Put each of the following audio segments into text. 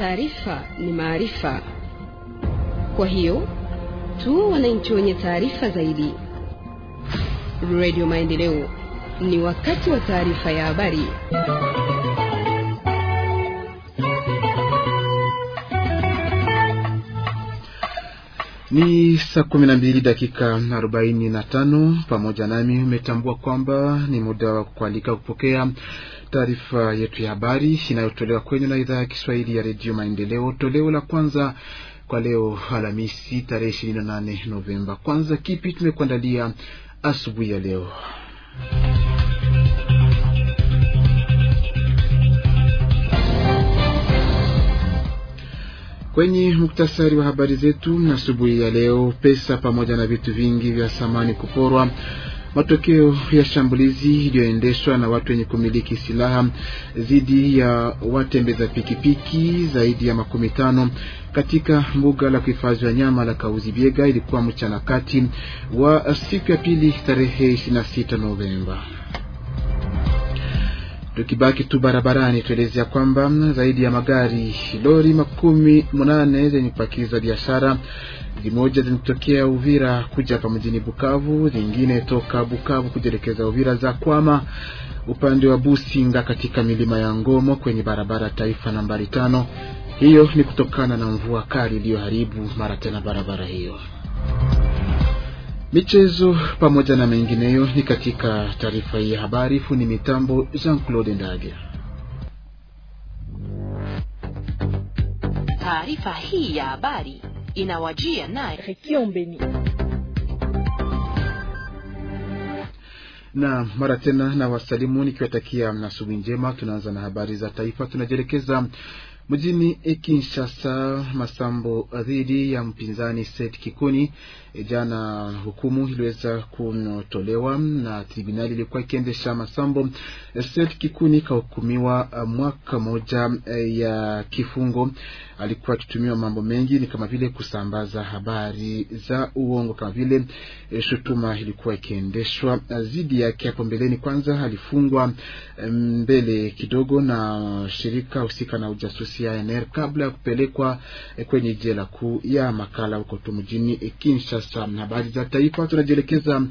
Taarifa ni maarifa, kwa hiyo tu wananchi wenye taarifa zaidi. Radio Maendeleo, ni wakati wa taarifa ya habari. Ni saa kumi na mbili dakika arobaini na tano. Pamoja nami umetambua kwamba ni muda wa kualika kupokea taarifa yetu ya habari inayotolewa kwenye na idhaa ya Kiswahili ya Redio Maendeleo, toleo la kwanza kwa leo Alhamisi tarehe nane Novemba. Kwanza, kipi tumekuandalia asubuhi ya leo? Kwenye muktasari wa habari zetu asubuhi ya leo, pesa pamoja na vitu vingi vya samani kuporwa matokeo ya shambulizi iliyoendeshwa na watu wenye kumiliki silaha dhidi ya watembeza pikipiki zaidi ya makumi tano katika mbuga la kuhifadhi wanyama la Kauzi Biega ilikuwa mchana kati wa siku ya pili tarehe 26 Novemba. Tukibaki tu barabarani, tuelezea kwamba mm, zaidi ya magari lori makumi munane zenye kupakiza biashara zimoja zinatokea Uvira kuja hapa mjini Bukavu, zingine toka Bukavu kujielekeza Uvira za kwama upande wa Businga katika milima ya Ngomo kwenye barabara taifa nambari tano. Hiyo ni kutokana na mvua kali iliyoharibu mara tena barabara hiyo michezo pamoja na mengineyo ni katika taarifa hii ya habari. funi mitambo Jean-Claude Ndage. Taarifa hii ya habari inawajia naye Rekiombeni na mara tena na wasalimu nikiwatakia asubuhi njema. Tunaanza na habari za taifa, tunajielekeza mjini Kinshasa. Masambo dhidi ya mpinzani set Kikuni E, jana hukumu iliweza kutolewa na tribunali ilikuwa ikiendesha masambo. E, Seth Kikuni kahukumiwa e, mwaka moja ya kifungo. Alikuwa akitumiwa mambo mengi, ni kama vile kusambaza habari za uongo, kama vile shutuma ilikuwa ikiendeshwa dhidi yake hapo mbeleni. Kwanza alifungwa mbele kidogo na shirika husika na ujasusi ya NR kabla ya kupelekwa kwenye jela kuu ya Makala huko tu mjini Kinshasa sasa. habari za taifa, tunajielekeza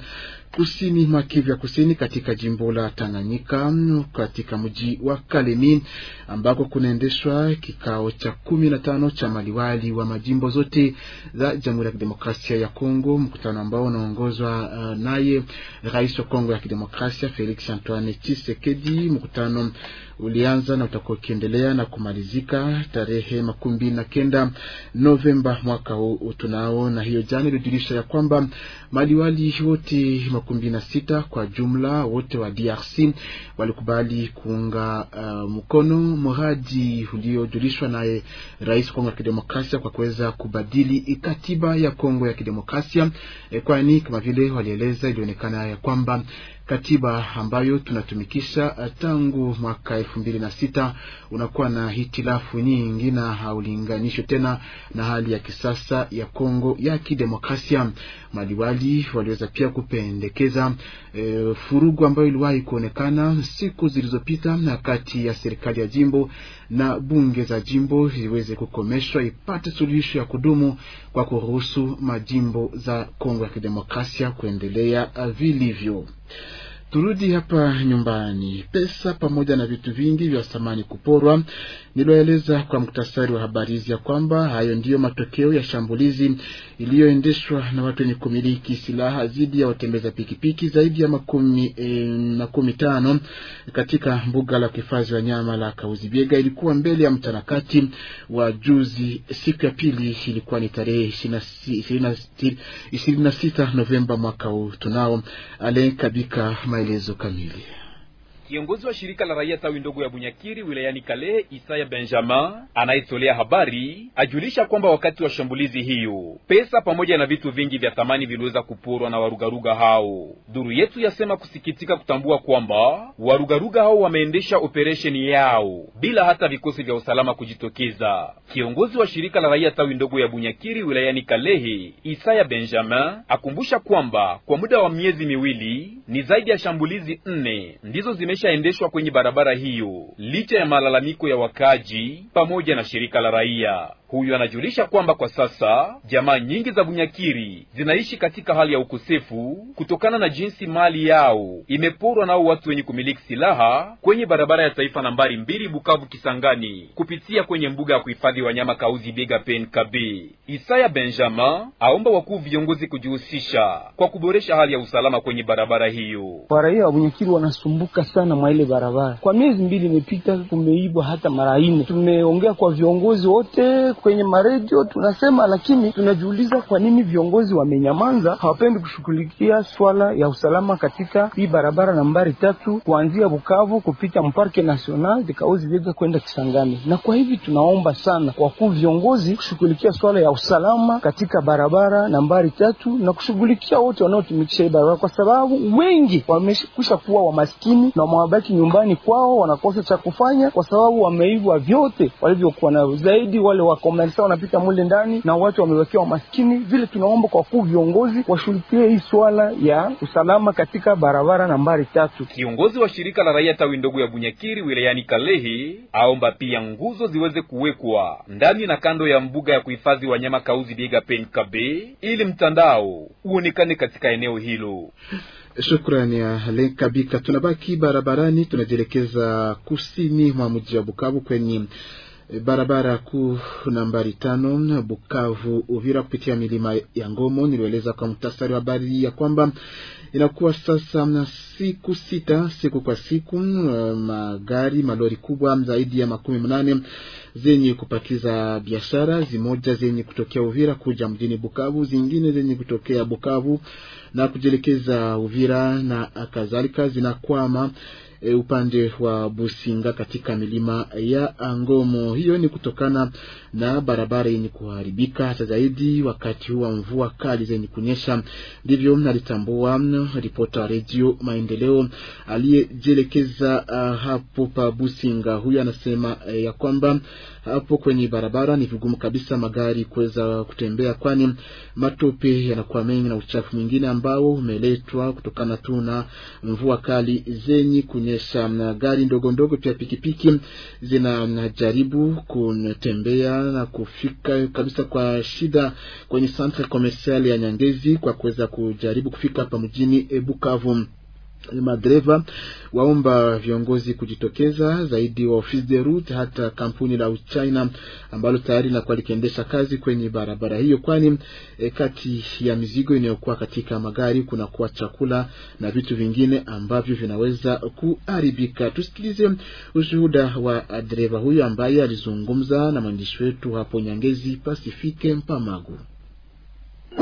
kusini mwa Kivu ya kusini katika jimbo la Tanganyika, katika mji wa Kalemi ambako kunaendeshwa kikao cha kumi na tano cha maliwali wa majimbo zote za Jamhuri ya Kidemokrasia ya Kongo, mkutano ambao unaongozwa uh, naye rais wa Kongo ya Kidemokrasia Felix Antoine Tshisekedi, mkutano ulianza na utakuwa ukiendelea na kumalizika tarehe makumbi na kenda Novemba mwaka huu tunao, na hiyo jana ilijulisha ya kwamba maliwali wote makumbi na sita kwa jumla wote wa DRC walikubali kuunga uh, mkono mradi uliojulishwa naye rais wa Kongo ya Kidemokrasia kwa kuweza kubadili katiba ya Kongo ya Kidemokrasia, eh, kwani kama vile walieleza ilionekana ya kwamba katiba ambayo tunatumikisha eh, tangu mwaka elfu mbili na sita unakuwa na hitilafu nyingi na haulinganishwe tena na hali ya kisasa ya Kongo ya kidemokrasia. Maliwali waliweza pia kupendekeza e, furugu ambayo iliwahi kuonekana siku zilizopita kati ya serikali ya jimbo na bunge za jimbo iweze kukomeshwa, ipate suluhisho ya kudumu kwa kuruhusu majimbo za Kongo ya kidemokrasia kuendelea eh, vilivyo. Turudi hapa nyumbani, pesa pamoja na vitu vingi vya samani kuporwa Niloeleza kwa muktasari wa habari hizi ya kwamba hayo ndiyo matokeo ya shambulizi iliyoendeshwa na watu wenye kumiliki silaha dhidi ya watembeza pikipiki zaidi ya makumi, e, makumi tano katika mbuga la kuhifadhi wanyama la biega Ilikuwa mbele ya mtanakati wa juzi, siku ya pili, ilikuwa ni tarehe ishirini na sita Novemba mwaka huu. Tunao Alain Kabika maelezo kamili. Kiongozi wa shirika la raia tawi ndogo ya Bunyakiri wilayani Kalehe, Isaya Benjamin anayetolea habari ajulisha kwamba wakati wa shambulizi hiyo pesa pamoja na vitu vingi vya thamani viliweza kuporwa na warugaruga hao. Duru yetu yasema kusikitika kutambua kwamba warugaruga hao wameendesha operesheni yao bila hata vikosi vya usalama kujitokeza. Kiongozi wa shirika la raia tawi ndogo ya Bunyakiri wilayani Kalehe, Isaya Benjamin akumbusha kwamba kwa muda wa miezi miwili ni zaidi ya shambulizi nne ndizo zime imeshaendeshwa kwenye barabara hiyo licha ya malalamiko ya wakaji pamoja na shirika la raia. Huyu anajulisha kwamba kwa sasa jamaa nyingi za Bunyakiri zinaishi katika hali ya ukosefu kutokana na jinsi mali yao imeporwa nao watu wenye kumiliki silaha kwenye barabara ya taifa nambari mbili Bukavu Kisangani, kupitia kwenye mbuga ya kuhifadhi wanyama Kauzi Biega PNKB. Isaya Benjamin aomba wakuu viongozi kujihusisha kwa kuboresha hali ya usalama kwenye barabara hiyo. Waraia wa Bunyakiri wanasumbuka sana mwa ile barabara, kwa miezi mbili imepita kumeibwa hata mara nne. Tumeongea kwa viongozi wote kwenye maredio tunasema, lakini tunajiuliza kwa nini viongozi wamenyamanza, hawapendi kushughulikia swala ya usalama katika hii barabara nambari tatu kuanzia Bukavu kupita Mparke National de Kaozi Biega kwenda Kisangani. Na kwa hivi tunaomba sana wakuu viongozi kushughulikia swala ya usalama katika barabara nambari tatu na kushughulikia wote wanaotumikisha hii barabara, kwa sababu wengi wamekwisha kuwa wamaskini na wamewabaki nyumbani kwao, wanakosa cha kufanya kwa sababu wameivwa vyote walivyokuwa navyo, zaidi wale wako wamalisa wanapita mule ndani na watu wamewekewa maskini. Vile tunaomba kwa kuu viongozi washughulikie hii swala ya usalama katika barabara nambari tatu. Kiongozi wa shirika la raia tawi ndogo ya Bunyakiri wilayani Kalehi aomba pia nguzo ziweze kuwekwa ndani na kando ya mbuga ya kuhifadhi wanyama Kauzi Biega Penkabe ili mtandao uonekane katika eneo hilo. Shukrani Alen Kabika. Tunabaki barabarani, tunajielekeza kusini mwa mji wa Bukavu kwenye E, barabara kuu nambari tano Bukavu Uvira kupitia milima ya Ngomo. Nilieleza kwa mtasari wa habari ya kwamba inakuwa sasa siku sita, siku kwa siku, e, magari malori kubwa zaidi ya makumi mnane zenye kupakiza biashara, zimoja zenye kutokea Uvira kuja mjini Bukavu, zingine zenye kutokea Bukavu na kujielekeza Uvira na kadhalika, zinakwama e, upande wa Businga katika milima ya Angomo. Hiyo ni kutokana na barabara yenye kuharibika hata zaidi wakati wa mvua kali zenye kunyesha. Ndivyo nalitambua ripota Radio Maendeleo aliyejielekeza uh, hapo pa Businga. Huyu anasema uh, ya kwamba hapo kwenye barabara ni vigumu kabisa magari kuweza kutembea, kwani matope yanakuwa mengi na uchafu mwingine ambao umeletwa kutokana tu na mvua kali zenye kunyesha inaonyesha gari ndogo ndogo pia pikipiki zinajaribu kutembea na kufika kabisa kwa shida kwenye centre commercial ya Nyangezi kwa kuweza kujaribu kufika hapa mjini Bukavu. Madereva waomba viongozi kujitokeza zaidi wa ofisi de route, hata kampuni la Uchina ambalo tayari linakuwa likiendesha kazi kwenye barabara hiyo, kwani e, kati ya mizigo inayokuwa katika magari kunakuwa chakula na vitu vingine ambavyo vinaweza kuharibika. Tusikilize ushuhuda wa dereva huyo ambaye alizungumza na mwandishi wetu hapo Nyangezi, Pasifike Mpamagu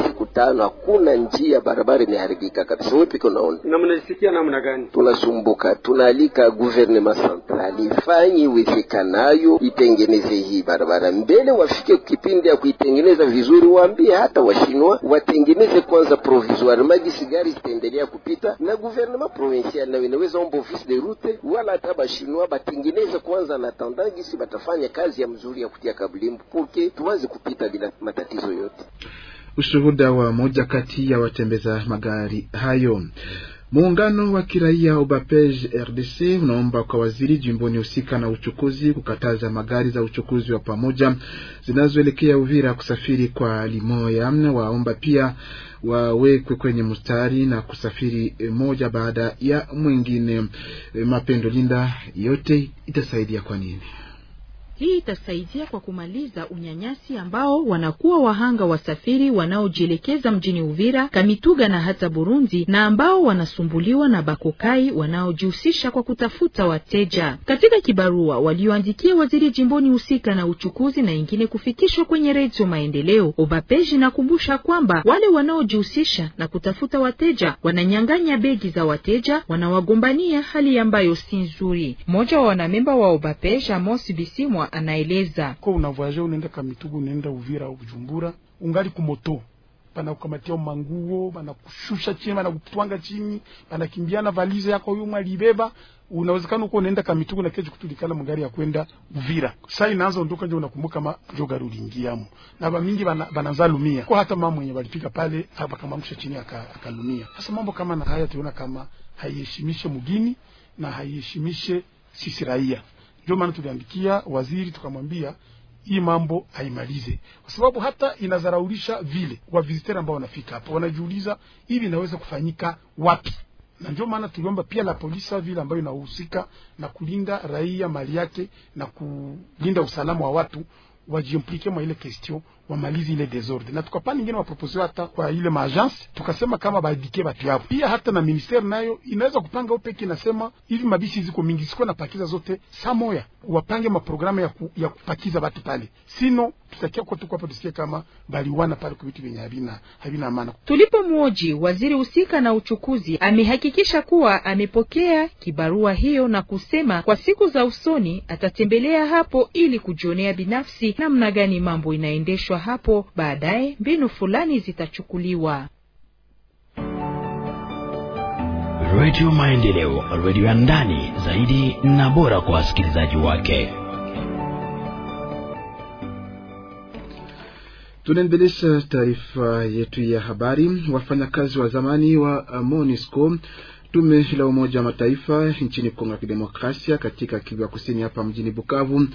siku tano hakuna njia, barabara imeharibika kabisa. Wewe kunaona na mnasikia namna gani? Tunasumbuka, tunaalika gouvernement central ifanye iwezekanayo itengeneze hii barabara mbele, wafike kipindi ya kuitengeneza vizuri. Waambie hata washinwa watengeneze kwanza provisoire magisi gari zitaendelea kupita, na gouvernement provincial nayo inaweza omba office de route, wala hata bashinwa batengeneze kwanza na tandagisi, batafanya kazi ya mzuri ya kutia kablimbu, porke tuanze kupita bila matatizo yote ushuhuda wa moja kati ya watembeza magari hayo. Muungano wa kiraia Obapej RDC unaomba kwa waziri jimboni husika na uchukuzi kukataza magari za uchukuzi wa pamoja zinazoelekea Uvira kusafiri kwa limoya. Waomba pia wawekwe kwenye mstari na kusafiri moja baada ya mwingine. Mapendo Linda, yote itasaidia kwa nini? Hii itasaidia kwa kumaliza unyanyasi ambao wanakuwa wahanga wasafiri wanaojielekeza mjini Uvira, Kamituga na hata Burundi, na ambao wanasumbuliwa na bakokai wanaojihusisha kwa kutafuta wateja. Katika kibarua walioandikia waziri jimboni husika na uchukuzi na ingine kufikishwa kwenye Redio Maendeleo, Obapeji inakumbusha kwamba wale wanaojihusisha na kutafuta wateja wananyang'anya begi za wateja, wanawagombania, hali ambayo si nzuri. Mmoja wa wanamemba wa Obapeja, Mosi Bisimwa anaeleza. kwa unavoyaje unaenda Kamitugu, unaenda Uvira au Bujumbura, ungali kumoto banakukamatia manguo, banakushusha chini, banakutwanga chini, banakimbiana valize yako huyu mwalibeba. Unawezekana uko unaenda Kamitugu na kesho kutulikana mgari ya kwenda Uvira. Sasa inaanza ondoka nje, unakumbuka ma joga rulingiamo. Na ba mingi bananza lumia. Kwa hata mama mwenye walifika pale akamamsha chini akalumia. Sasa mambo kama na haya tunaona kama haiheshimishe mgini na haiheshimishe sisi raia. Ndio maana tuliandikia waziri tukamwambia hii mambo haimalize, kwa sababu hata inazaraulisha vile visitor ambao wanafika hapo wanajiuliza hivi inaweza kufanyika wapi? Na ndio maana tuliomba pia la polisi vile ambayo inahusika na kulinda raia mali yake na kulinda usalama wa watu wajiimplike mwa ile question wamalizi ile desordre, na tukapana ingine wapropose hata kwa ile maagence, tukasema kama baidike batu yao pia, hata na ministeri nayo inaweza kupanga upeke, nasema hivi mabisi ziko mingi, siko na pakiza zote saa moya, wapange maprogramu ya, ku, ya kupakiza batu pale, sino tutakia kwa tuko hapa tusikie kama baliwana pale kwa vitu vyenye havina havina maana. Tulipo muoji waziri husika na uchukuzi amehakikisha kuwa amepokea kibarua hiyo na kusema kwa siku za usoni atatembelea hapo ili kujionea binafsi namna gani mambo inaendeshwa kutolewa hapo baadaye, mbinu fulani zitachukuliwa. Redio Maendeleo, redio ya ndani zaidi na bora kwa wasikilizaji wake. Tunaendelesha taarifa yetu ya habari. Wafanyakazi wa zamani wa MONUSCO tume la Umoja wa Mataifa nchini Kongo ya Kidemokrasia katika Kivu ya Kusini hapa mjini Bukavu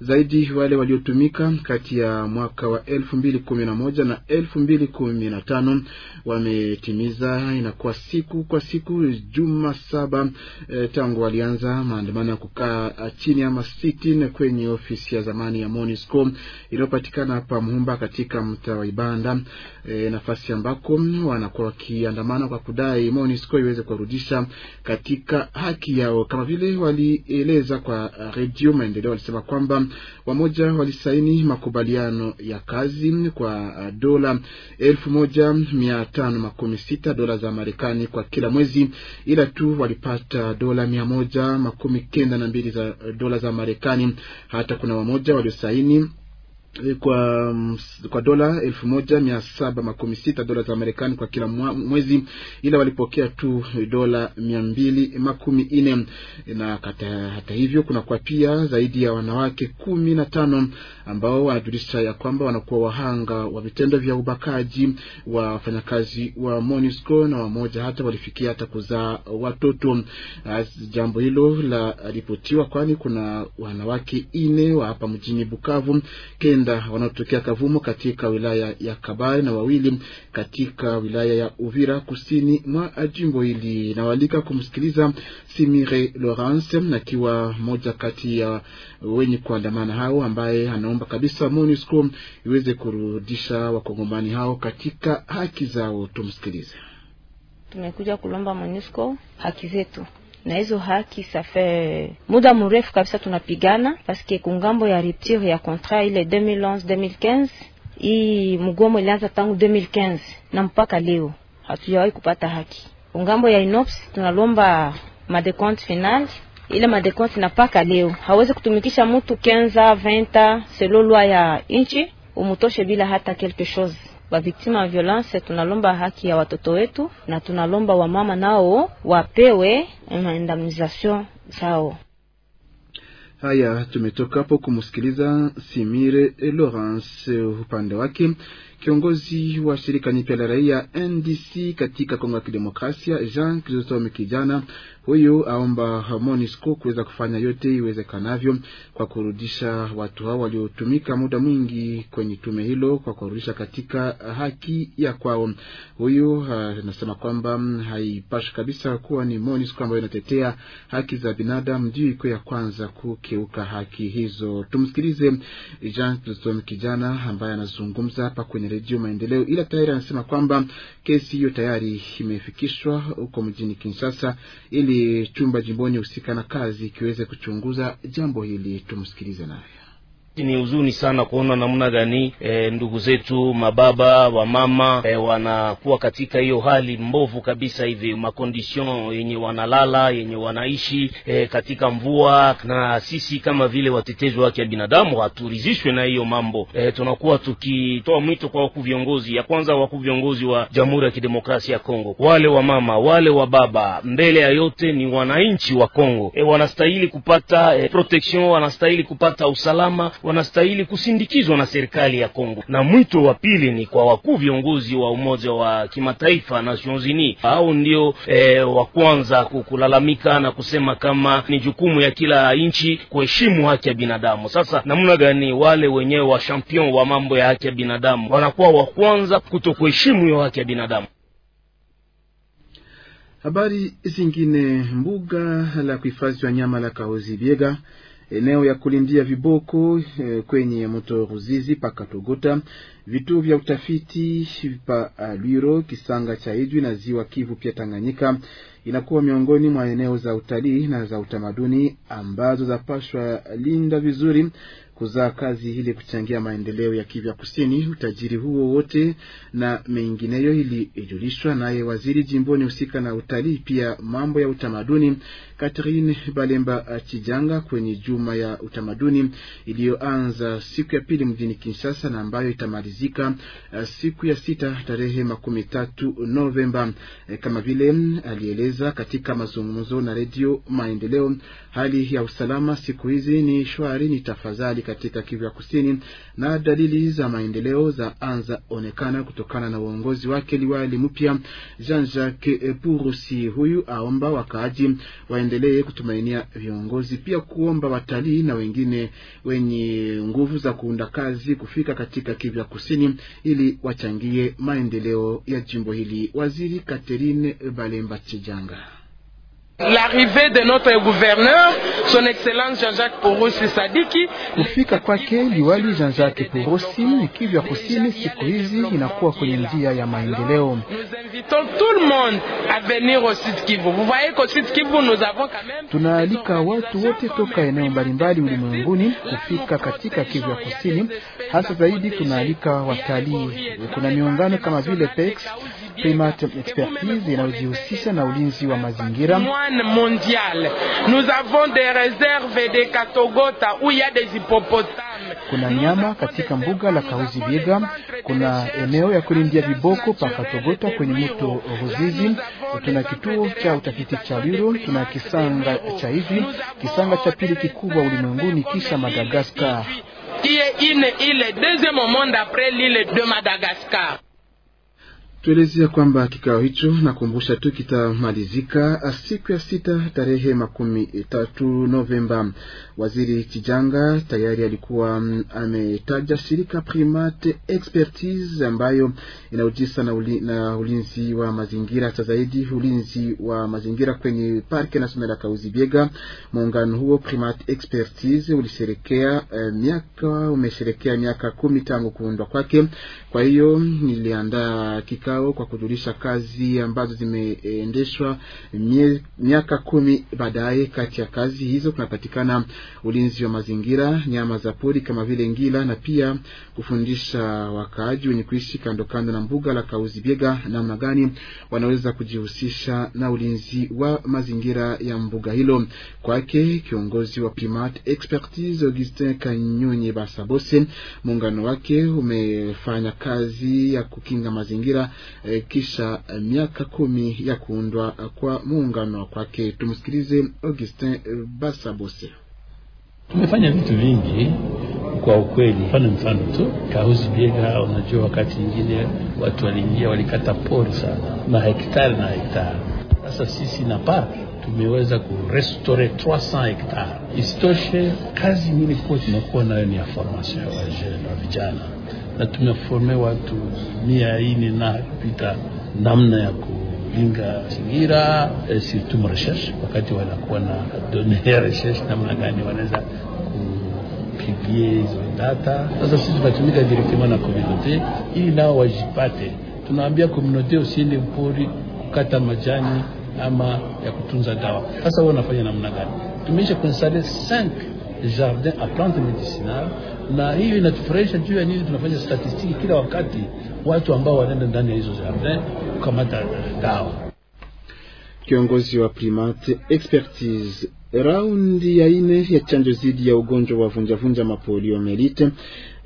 zaidi wale waliotumika kati ya mwaka wa 2011 na 2015 wametimiza, inakuwa siku kwa siku juma saba e, tangu walianza maandamano ya kukaa eh, chini ama sitini kwenye ofisi ya zamani ya MONUSCO iliyopatikana hapa mhumba katika mtaa wa Ibanda, e, nafasi ambako wanakuwa wakiandamana kwa kudai MONUSCO iweze kuwarudisha katika haki yao, kama vile walieleza kwa redio Maendeleo, walisema kwamba wamoja walisaini makubaliano ya kazi kwa uh, dola elfu moja mia tano makumi sita dola za Marekani kwa kila mwezi, ila tu walipata dola mia moja makumi kenda na mbili za dola za Marekani. Hata kuna wamoja waliosaini Eh, kwa mm, kwa dola elfu moja mia saba makumi sita dola za Marekani kwa kila mwezi, ila walipokea tu dola mia mbili makumi nne na kata. Hata hivyo kunakuwa pia zaidi ya wanawake kumi na tano ambao wanajulisha ya kwamba wanakuwa wahanga wa vitendo vya ubakaji wa wafanyakazi wa MONUSCO na wamoja hata walifikia hata kuzaa watoto. Jambo hilo la ripotiwa, kwani kuna wanawake ine wa hapa mjini Bukavu Kenda kenda wanaotokea Kavumo katika wilaya ya Kabare na wawili katika wilaya ya Uvira kusini mwa jimbo hili. Nawalika kumsikiliza Simire Lawrence akiwa moja kati ya wenye kuandamana hao, ambaye anaomba kabisa MONUSCO iweze kurudisha wakongomani hao katika haki zao. Tumsikilize. Tumekuja kulomba MONUSCO haki zetu na hizo haki safe muda mrefu kabisa tunapigana, paske kungambo ya rupture ya contrat ile 2011 2015 hii mgomo ilianza tangu 2015 na mpaka leo hatujawahi kupata haki. ungambo ya INOPS tunalomba madecompte final ile madecompte na paka leo hawezi kutumikisha mtu kenza venta selo lwa ya inchi umutoshe bila hata quelque chose victima wa violence tunalomba haki ya watoto wetu na tunalomba wamama nao wapewe indemnisation zao. Haya, tumetoka hapo kumsikiliza Simire Lawrence upande wake Kiongozi wa shirika nipya la raia NDC katika Kongo ya Kidemokrasia, Jean Chrysostome Kijana, huyu aomba MONUSCO kuweza kufanya yote iwezekanavyo kwa kurudisha watu hao waliotumika muda mwingi kwenye tume hilo kwa kurudisha katika haki ya kwao. Huyu uh, anasema uh, kwamba haipashi kabisa kuwa ni MONUSCO ambayo inatetea haki za binadamu ndio iko ya kwanza kukiuka haki hizo. Tumsikilize Jean Chrysostome Kijana ambaye anazungumza hapa kwenye Redio Maendeleo, ila tayari anasema kwamba kesi hiyo tayari imefikishwa huko mjini Kinshasa ili chumba jimboni husika na kazi kiweze kuchunguza jambo hili. Tumsikilize naye. Ni huzuni sana kuona namna gani e, ndugu zetu mababa mama e, wanakuwa katika hiyo hali mbovu kabisa hivi, makondition yenye wanalala yenye wanaishi e, katika mvua. Na sisi kama vile watetezi wake ya binadamu haturizishwe na hiyo mambo e, tunakuwa tukitoa mwito kwa wakuu viongozi, ya kwanza wakuu viongozi wa Jamhuri ya Kidemokrasia ya Kongo, wale wa mama wale wa baba mbele ya yote ni wananchi wa Kongo e, wanastahili kupata e, protection, wanastahili kupata usalama wanastahili kusindikizwa na serikali ya Kongo. Na mwito wa pili ni kwa wakuu viongozi wa Umoja wa Kimataifa Nations Unies, hao ndio e, wa kwanza kulalamika na kusema kama ni jukumu ya kila nchi kuheshimu haki ya binadamu. Sasa namna gani wale wenyewe wa champion wa mambo ya haki ya binadamu wanakuwa wa kwanza kuto kuheshimu hiyo haki ya binadamu? Habari zingine, mbuga la kuhifadhi wanyama la Kahozi Biega eneo ya kulindia viboko e, kwenye mto Ruzizi paka Togota, vituo vya utafiti pa Alwiro, kisanga cha Idwi na ziwa Kivu pia Tanganyika inakuwa miongoni mwa eneo za utalii na za utamaduni ambazo zapashwa linda vizuri kuzaa kazi ili kuchangia maendeleo ya Kivya Kusini. Utajiri huo wote na mengineyo ilijulishwa naye waziri jimboni husika na utalii pia mambo ya utamaduni Catherine Balemba Chijanga kwenye juma ya utamaduni iliyoanza siku ya pili mjini Kinshasa na ambayo itamalizika eh, siku ya sita tarehe makumi tatu Novemba. Eh, kama vile alieleza katika mazungumzo na redio Maendeleo, hali ya usalama siku hizi ni shwari, ni tafadhali katika Kivu ya Kusini, na dalili za maendeleo za anza onekana kutokana na uongozi wake liwali mpya Jean Jacques Purusi. Huyu aomba wakaaji waendelee kutumainia viongozi, pia kuomba watalii na wengine wenye nguvu za kuunda kazi kufika katika Kivu ya Kusini ili wachangie maendeleo ya jimbo hili. Waziri Catherine Balemba Chijanga L'arrivée de notre gouverneur, son excellence Jean-Jacques Porosi Sadiki. Kufika kwake liwali Jean-Jacques Porosi ni Kivu ya Kusini siku hizi inakuwa kwenye njia ya maendeleo. Tunaalika watu wote toka eneo mbalimbali ulimwenguni kufika katika Kivu ya Kusini. Hasa zaidi tunaalika watalii. Kuna miungano kama vile PEX Primat Expertise inayojihusisha na ulinzi wa mazingira. Kuna nyama katika mbuga la Kahuzi Biega, kuna eneo ya kulindia viboko pa Katogota kwenye mto Ruzizi, tuna kituo cha utafiti cha Liro, tuna kisanga cha hivi kisanga cha pili kikubwa ulimwenguni kisha Madagaskar. Tuelezea kwamba kikao hicho nakumbusha tu kitamalizika siku ya sita tarehe makumi tatu Novemba. Waziri Chijanga tayari alikuwa mm, ametaja shirika Primate Expertise ambayo inaujisa na, uli, na ulinzi wa mazingira, hasa zaidi ulinzi wa mazingira kwenye Parke National ya Biega. Muungano huo Primate Expertise ulisherekea eh, miaka umesherekea miaka kumi tangu kuundwa kwake. Kwa hiyo niliandaa kikao yao kwa kujulisha kazi ambazo zimeendeshwa miaka kumi baadaye. Kati ya kazi hizo kunapatikana ulinzi wa mazingira, nyama za pori kama vile ngila, na pia kufundisha wakaaji wenye kuishi kando kando na mbuga la biega namna gani wanaweza kujihusisha na ulinzi wa mazingira ya mbuga hilo. Kwake kiongozi wa Primate Expertise Augustin Kanyonye Basabose, muungano wake umefanya kazi ya kukinga mazingira eh, kisha eh, miaka kumi ya kuundwa eh, kwa muungano kwake. Tumsikilize Augustin eh, Basabose. Tumefanya vitu vingi kwa ukweli, mfano mfano tu kauzi Biega, unajua wakati ingine watu waliingia walikata pori sana, na hektari na hektari. Sasa sisi na park tumeweza kurestore 300 hektare. Isitoshe, kazi nyingine kuwa tunakuwa nayo ni ya formation ya wajene na vijana na tumeforme watu mia ine na kupita namna ya kupinga singira e, eh, sirtum mrecherche wakati wanakuwa na ya recherche namna gani wanaweza kupigie hizo data. Sasa sisi tunatumika direktema na komunote ili nao wajipate. Tunaambia komunote usiende mpori kukata majani ama ya kutunza dawa. Sasa wao wanafanya namna gani? Tumeisha kuinstale jardin à plantes médicinales, na hiyo inatufurahisha juu ya nini? Tunafanya statistiki kila wakati, watu ambao wanaenda ndani ya hizo jardin kukamata dawa. Kiongozi wa Primate Expertise. Raundi ya ine ya chanjo dhidi ya ugonjwa wa vunjavunja mapoliomelite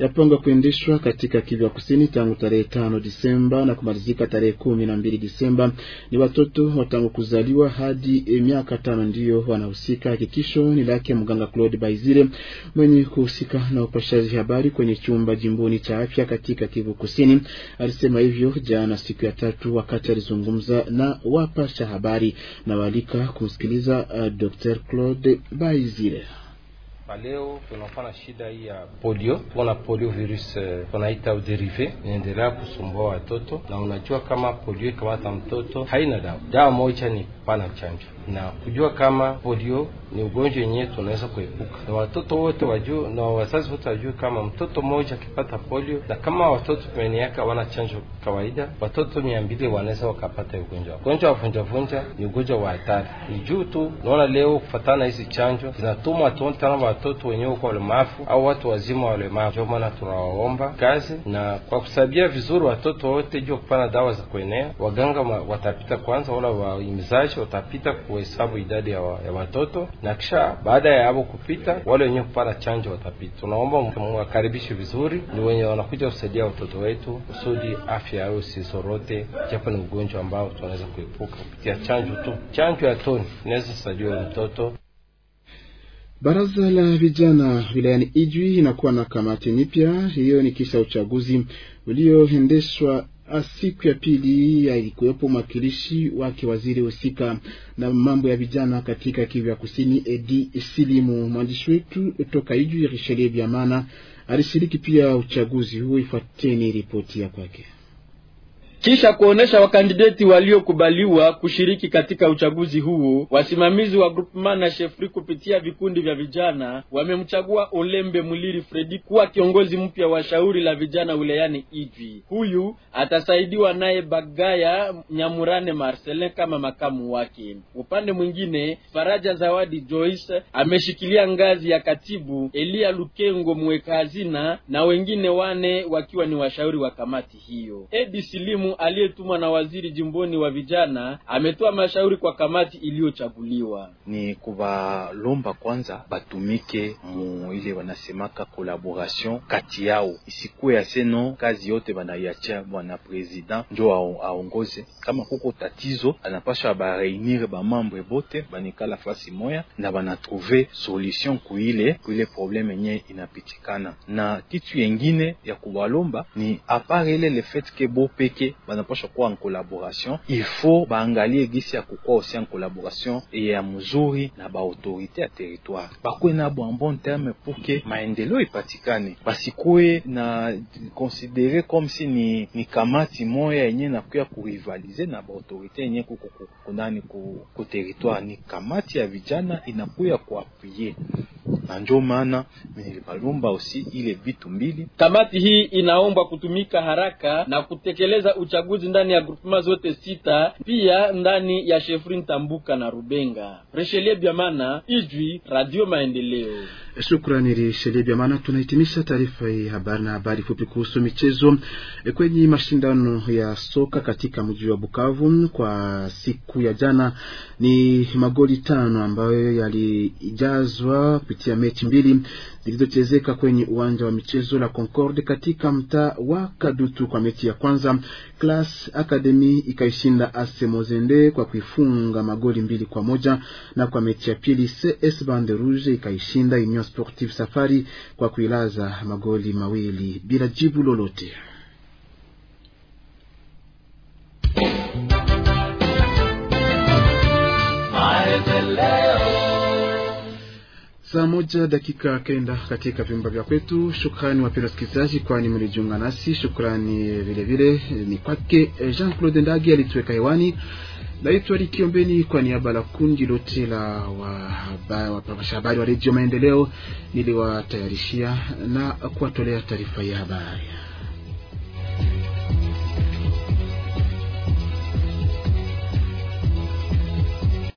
yapangwa kuendeshwa katika Kivu Kusini tangu tarehe tano Disemba na kumalizika tarehe kumi na mbili Disemba. Ni watoto watangu kuzaliwa hadi e, miaka tano ndiyo wanahusika. Hakikisho ni lake mganga Claude Baizire mwenye kuhusika na upashaji habari kwenye chumba jimboni cha afya katika Kivu Kusini. Alisema hivyo jana siku ya tatu wakati alizungumza na wapasha habari na walika kumsikiliza uh, Dr. Claude Baizire. Kwa leo tunafana shida hii ya polio, tuko na polio virus eh, tunaita uderive, inaendelea kusumbua watoto, na unajua kama polio ikamata mtoto haina dawa, dawa moja ni pana chanjo na kujua kama polio ni ugonjwa wenyewe tunaweza kuepuka, na watoto wote wajue na wazazi wote wajue kama mtoto mmoja akipata polio, na kama watoto pembeni yake hawana chanjo kawaida, watoto mia mbili wanaweza wakapata ugonjwa. Ugonjwa wa vunjavunja ni ugonjwa wa hatari, ni juu tu naona leo kufatana na hizi chanjo zinatumwa tana watoto wenyewe kwa walemavu au watu wazima walemavu. Ndio maana tunawaomba kazi na kwa kusabia vizuri watoto wote juu kupana dawa za kuenea. Waganga watapita kwanza, wala waimizaji watapita kuhesabu idadi ya, wa, ya watoto na kisha baada ya hapo kupita, wale wenye kupata chanjo watapita. Tunaomba mwakaribishe vizuri, ni wenye wanakuja kusaidia watoto wetu kusudi afya yao sizorote, japo ni ugonjwa ambao tunaweza kuepuka kupitia chanjo tu. Chanjo ya toni inaweza kusaidia mtoto. Baraza la vijana wilayani Ijwi inakuwa na kamati mipya hiyo ni kisha uchaguzi ulioendeshwa Ah, siku ya pili alikuwepo mwakilishi wake waziri husika na mambo ya vijana katika Kivu Kusini, Edi Silimu. Mwandishi wetu toka Iju vya Biamana alishiriki pia uchaguzi huo. Ifuateni ripoti ya kwake. Kisha kuonesha wakandideti waliokubaliwa kushiriki katika uchaguzi huo, wasimamizi wa Groupema na Shefri kupitia vikundi vya vijana wamemchagua Olembe Muliri Fredi kuwa kiongozi mpya wa shauri la vijana wilayani Ituri. Huyu atasaidiwa naye Bagaya Nyamurane Marcelin kama makamu wake. Upande mwingine, Faraja Zawadi Joyce ameshikilia ngazi ya katibu, Elia Lukengo mweka hazina na wengine wane wakiwa ni washauri wa kamati hiyo. Edi Silimu aliyetumwa na waziri jimboni wa vijana ametoa mashauri kwa kamati iliyochaguliwa. Ni kuvalomba kwanza batumike mu ile wanasemaka collaboration kati yao, isikuwe ya seno kazi yote banaiachia bwana president njo aongoze. Kama kuko tatizo, anapasha bareunir bamambre bote banikala fasi moya na banatruve solution kuile kuile probleme enye inapitikana. Na kitu yengine ya kuvalomba ni ile le fait ke bopeke banapasha kuwa en collaboration, il faut baangalie gisi ya kukuwa osi en collaboration ya mzuri na baautorité ya territoire, bakuwe na en bon terme pour que maendeleo ipatikane, basikuwe na considere comme si ni, ni kamati moya yenye nakuya kurivalize na baautorité yenye kuko kunani ku territoire. Ni kamati ya vijana inakuya kuapuye na njo maana balomba osi ile vitu mbili. Kamati hii inaomba kutumika haraka na kutekeleza uchaguzi ndani ya grupema zote sita, pia ndani ya Shefri Ntambuka na Rubenga. reshelie Biamana, Ijwi, Radio Maendeleo. Eh, shukrani Rishelebia. Maana tunahitimisha taarifa hii habari na habari fupi kuhusu michezo eh, kwenye mashindano ya soka katika mji wa Bukavu. Kwa siku ya jana ni magoli tano ambayo yalijazwa kupitia mechi mbili zilizochezeka kwenye uwanja wa michezo la Concorde katika mtaa wa Kadutu. Kwa mechi ya kwanza, Class Academy ikaishinda AS Mozende kwa kuifunga magoli mbili kwa moja, na kwa mechi ya pili CS Bande Rouge ikaishinda Union Sportive Safari kwa kuilaza magoli mawili bila jibu lolote. Saa moja dakika kenda katika vyumba vya kwetu. Shukrani wapenda wasikilizaji, kwani mlijiunga nasi. Shukrani vilevile ni kwake eh, Jean Claude Ndagi alituweka hewani. Naitwa Likiombeni kwa niaba la kundi lote la wapasha habari wa Redio Maendeleo niliwatayarishia na kuwatolea taarifa ya habari.